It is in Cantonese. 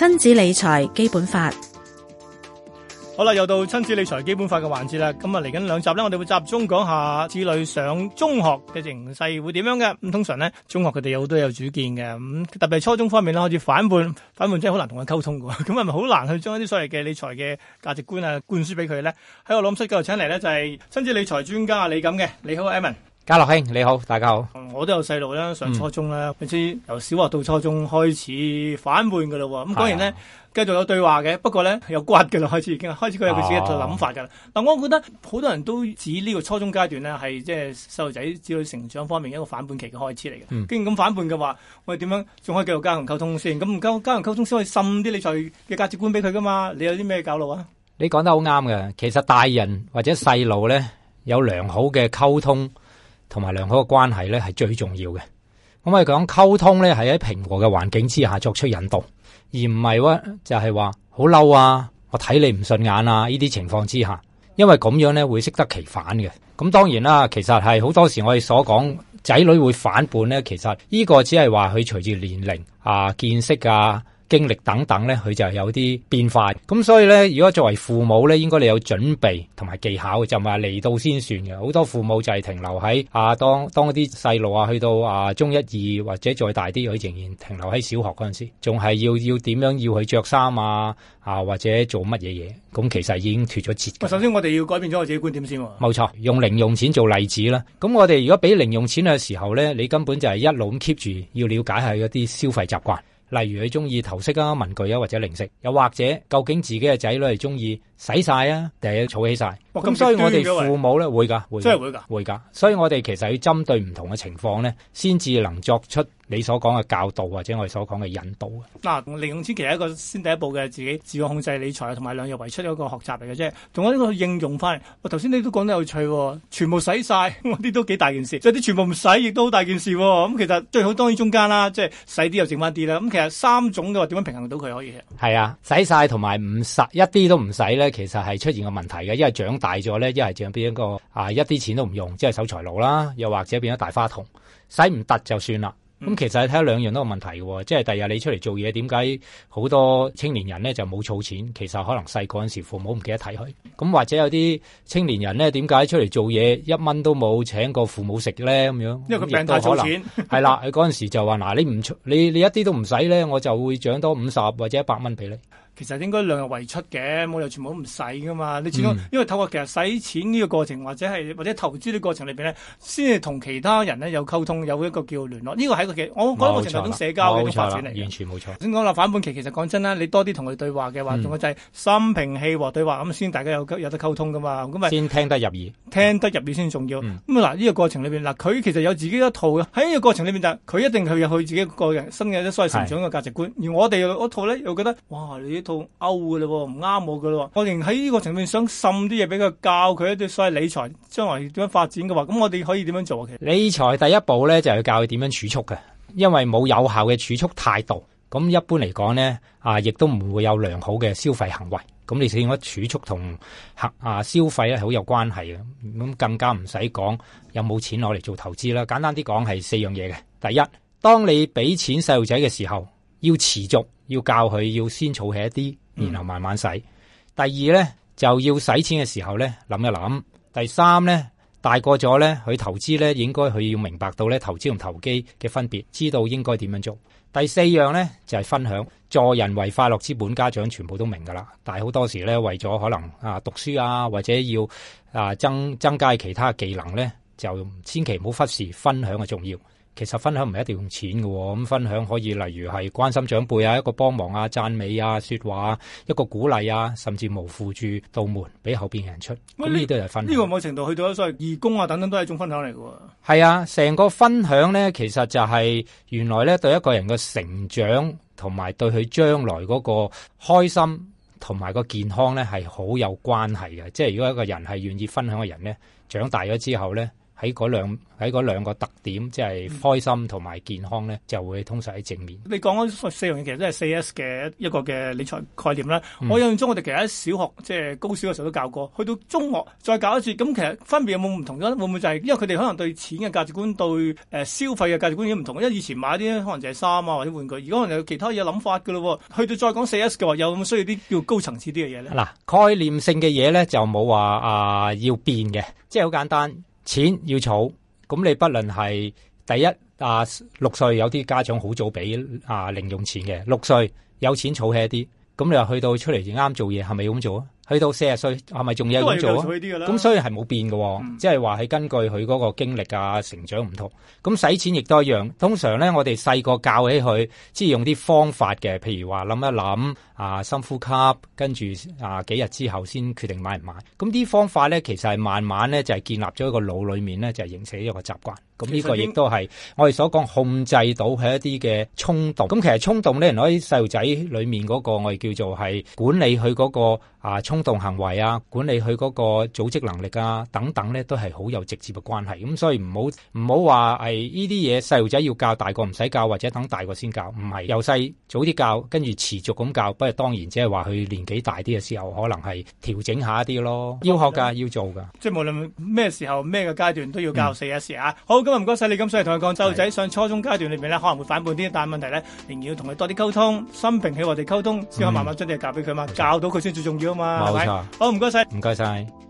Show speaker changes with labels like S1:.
S1: 親子理財基本法，
S2: 好啦，又到親子理財基本法嘅環節啦。咁啊，嚟緊兩集咧，我哋會集中講下子女上中學嘅形勢會點樣嘅。咁通常咧，中學佢哋有好多有主見嘅，咁特別係初中方面咧，開始反叛，反叛真係好難同佢溝通噶。咁係咪好難去將一啲所謂嘅理財嘅價值觀啊灌輸俾佢咧？喺我諗出嚟，請嚟咧就係親子理財專家李錦咁嘅。你好，艾文。家樂兄你好，大家好。嗯、我都有細路啦，上初中啦，開始、嗯、由小學到初中開始反叛噶啦。咁當然呢，繼續有對話嘅，不過呢，開始有骨噶啦，開始已經開始佢有佢自己嘅諗法噶啦。哦、但我覺得好多人都指呢個初中階段呢，係即係細路仔子女成長方面一個反叛期嘅開始嚟嘅。嗯、既然咁反叛嘅話，我哋點樣仲可以繼續加強溝通先？咁唔夠加強溝通先可以滲啲理財嘅價值觀俾佢噶嘛？你有啲咩教路啊？
S1: 你講得好啱嘅，其實大人或者細路呢，有良好嘅溝通同埋良好嘅關係呢係最重要嘅。咁我哋講溝通呢係喺平和嘅環境之下作出引導，而唔係話，就係話好嬲啊，我睇你唔順眼啊！呢啲情況之下，因為咁樣呢會適得其反嘅。咁當然啦，其實係好多時我哋所講仔女會反叛呢，其實呢個只係話佢隨住年齡啊、見識啊。經歷等等咧，佢就係有啲變化。咁所以咧，如果作為父母咧，應該你有準備同埋技巧，就唔係嚟到先算嘅。好多父母就係停留喺啊，當當啲細路啊，去到啊中一二，或者再大啲，佢仍然停留喺小學嗰陣時，仲係要要點樣要去着衫啊啊或者做乜嘢嘢。咁其實已經脫咗節。
S2: 首先，我哋要改變咗我自己觀點先。冇
S1: 錯，用零用錢做例子啦。咁我哋如果俾零用錢嘅時候咧，你根本就係一路咁 keep 住要了解下嗰啲消費習慣。例如你中意頭飾啊、文具啊，或者零食，又或者究竟自己嘅仔女係中意。使曬啊，定係要儲起晒，啊？咁所以我哋父母咧喂會㗎，真係會㗎，會㗎。所以我哋其實要針對唔同嘅情況咧，先至能作出你所講嘅教導或者我哋所講嘅引導嘅、啊。
S2: 嗱、啊，零用錢其實一個先第一步嘅自己自我控制理財同埋兩日為出一個學習嚟嘅啫。仲有呢去應用翻。我頭先你都講得有趣喎，全部洗晒，我 啲都幾大件事。即係啲全部唔使，亦都好大件事喎、啊。咁、嗯、其實最好當然中間啦，即係洗啲又剩翻啲啦。咁、嗯、其實三種嘅話點樣平衡到佢可以？係啊，
S1: 洗晒同埋唔使一啲都唔使咧。其實係出現一個問題嘅，一係長大咗咧，一係就變一個啊，一啲錢都唔用，即係守財奴啦，又或者變咗大花筒，使唔得就算啦。咁、嗯、其實睇下兩樣都係問題嘅，即係第日你出嚟做嘢，點解好多青年人咧就冇儲錢？其實可能細個嗰陣時父母唔記得睇佢，咁或者有啲青年人咧，點解出嚟做嘢一蚊都冇請過父母食咧咁樣？因為佢病咗儲錢係啦，佢嗰陣時候就話嗱，你唔你你一啲都唔使咧，我就會獎多五十或者一百蚊俾你。
S2: 其實應該量入為出嘅，冇理由全部都唔使噶嘛。你最多、嗯、因為透過其實使錢呢個過程，或者係或者投資呢個過程裏邊咧，先係同其他人咧有溝通，有一個叫聯絡。呢、這個係一個我覺得過程係一種社交嘅一種發展
S1: 嚟。完全冇錯。先
S2: 講啦，反叛期其實講真啦，你多啲同佢對話嘅話，同佢、嗯、就係心平氣和對話咁先，大家有有得溝通噶嘛。咁咪、就是、先聽得入耳，聽得入耳先重要。咁啊嗱，呢、嗯這個過程裏邊嗱，佢其實有自己一套嘅，喺呢個過程裏邊就係佢一定係入去自己個人生嘅所謂成長嘅價值觀，是而我哋嗰套咧又覺得哇你。勾嘅嘞，唔啱我嘅嘞。我哋喺呢個層面想滲啲嘢俾佢教佢一啲所謂理財將來點樣發展嘅話，咁我哋可以點樣做啊？其實
S1: 理財第一步咧就係教佢點樣儲蓄嘅，因為冇有,有效嘅儲蓄態度，咁一般嚟講咧啊，亦都唔會有良好嘅消費行為。咁你使先我儲蓄同客啊消費咧好有關係嘅，咁更加唔使講有冇錢攞嚟做投資啦。簡單啲講係四樣嘢嘅。第一，當你俾錢細路仔嘅時候。要持續，要教佢要先儲起一啲，然後慢慢使。嗯、第二呢，就要使錢嘅時候呢，諗一諗。第三呢，大個咗呢，佢投資呢，應該佢要明白到呢投資同投機嘅分別，知道應該點樣做。第四樣呢，就係、是、分享，助人為快樂之本，家長全部都明噶啦。但係好多時呢，為咗可能啊讀書啊或者要啊增增加其他技能呢，就千祈唔好忽視分享嘅重要。其實分享唔係一定要用錢嘅，咁分享可以例如係關心長輩啊，一個幫忙啊、讚美啊、說話、一個鼓勵啊，甚至無扶住道門俾後邊嘅人出，咁呢啲都係分享。呢
S2: 個某程度去到咗所謂義工啊等等，都係一種分享嚟嘅。
S1: 係啊，成個分享咧，其實就係原來咧，對一個人嘅成長同埋對佢將來嗰個開心同埋個健康咧，係好有關係嘅。即係如果一個人係願意分享嘅人咧，長大咗之後咧。喺嗰兩喺兩個特點，即係開心同埋健康咧，嗯、就會通常喺正面。
S2: 你講嗰四樣嘢，其實都係四 S 嘅一個嘅理財概念啦。我印象中，我哋其實喺小學即係、就是、高小嘅時候都教過，去到中學再教一次。咁，其實分別有冇唔同咗？會唔會就係、是、因為佢哋可能對錢嘅價值觀、對誒、呃、消費嘅價值觀已經唔同，因為以前買啲可能就係衫啊或者玩具，如果可能有其他嘢諗法噶咯。去到再講四 S 嘅話，有冇需要啲叫高層次啲嘅嘢咧？
S1: 嗱、啊，概念性嘅嘢咧就冇話啊要變嘅，即係好簡單。錢要儲，咁你不能係第一啊六歲有啲家長好早俾啊零用錢嘅，六歲有錢儲起一啲，咁你話去到出嚟就啱做嘢，係咪咁做啊？去到四十歲，係咪仲有咁做？咁所以係冇變嘅。哦，即係話係根據佢嗰個經歷啊、成長唔同。咁使錢亦都一樣。通常咧，我哋細個教起佢，即係用啲方法嘅，譬如話諗一諗啊，深呼吸，跟住啊幾日之後先決定買唔買。咁啲方法咧，其實係慢慢咧就係、係、建立咗一個腦裏面咧就係、形成一個習慣。咁呢個亦都係我哋所講控制到係一啲嘅衝動。咁其實衝動咧，原來喺細路仔裏面嗰個我哋叫做係管理佢嗰個啊衝動行為啊，管理佢嗰個組織能力啊等等咧，都係好有直接嘅關係。咁所以唔好唔好話係呢啲嘢細路仔要教，大個唔使教，或者等大個先教。唔係由細早啲教，跟住持續咁教。不過當然，即係話佢年紀大啲嘅時候，可能係調整一下一啲咯。要學㗎，要做㗎。即
S2: 係無論咩時候、咩嘅階段，都要教四 S 啊！咁唔該晒，謝謝你咁詳細同佢講，細路仔上初中階段裏邊咧可能會反叛啲，但係問題咧仍然要同佢多啲溝通，心平氣和地溝通，先可以慢慢將啲嘢教俾佢。冇錯嘛，教到佢先最重要啊嘛。冇錯，好唔該晒。
S1: 唔該晒。